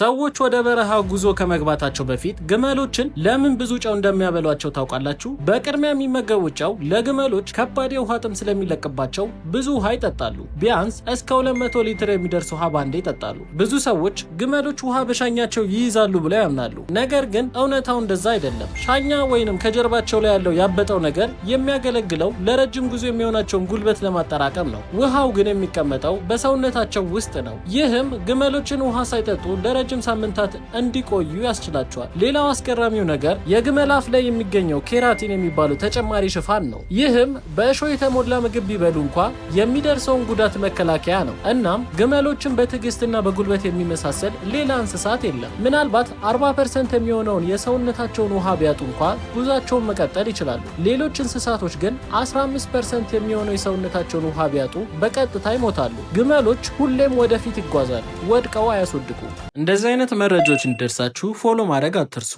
ሰዎች ወደ በረሃ ጉዞ ከመግባታቸው በፊት ግመሎችን ለምን ብዙ ጨው እንደሚያበሏቸው ታውቃላችሁ? በቅድሚያ የሚመገቡት ጨው ለግመሎች ከባድ የውሃ ጥም ስለሚለቅባቸው ብዙ ውሃ ይጠጣሉ። ቢያንስ እስከ 200 ሊትር የሚደርስ ውሃ ባንዴ ይጠጣሉ። ብዙ ሰዎች ግመሎች ውሃ በሻኛቸው ይይዛሉ ብለው ያምናሉ። ነገር ግን እውነታው እንደዛ አይደለም። ሻኛ ወይንም ከጀርባቸው ላይ ያለው ያበጠው ነገር የሚያገለግለው ለረጅም ጉዞ የሚሆናቸውን ጉልበት ለማጠራቀም ነው። ውሃው ግን የሚቀመጠው በሰውነታቸው ውስጥ ነው። ይህም ግመሎችን ውሃ ሳይጠጡ ለረጅም ለረጅም ሳምንታት እንዲቆዩ ያስችላቸዋል። ሌላው አስገራሚው ነገር የግመል አፍ ላይ የሚገኘው ኬራቲን የሚባለው ተጨማሪ ሽፋን ነው። ይህም በእሾ የተሞላ ምግብ ቢበሉ እንኳ የሚደርሰውን ጉዳት መከላከያ ነው። እናም ግመሎችን በትዕግስትና በጉልበት የሚመሳሰል ሌላ እንስሳት የለም። ምናልባት 40 ፐርሰንት የሚሆነውን የሰውነታቸውን ውሃ ቢያጡ እንኳ ጉዟቸውን መቀጠል ይችላሉ። ሌሎች እንስሳቶች ግን 15 ፐርሰንት የሚሆነው የሰውነታቸውን ውሃ ቢያጡ በቀጥታ ይሞታሉ። ግመሎች ሁሌም ወደፊት ይጓዛሉ፣ ወድቀው አያስወድቁ። እንደዚህ አይነት መረጃዎች እንዲደርሳችሁ ፎሎ ማድረግ አትርሱ።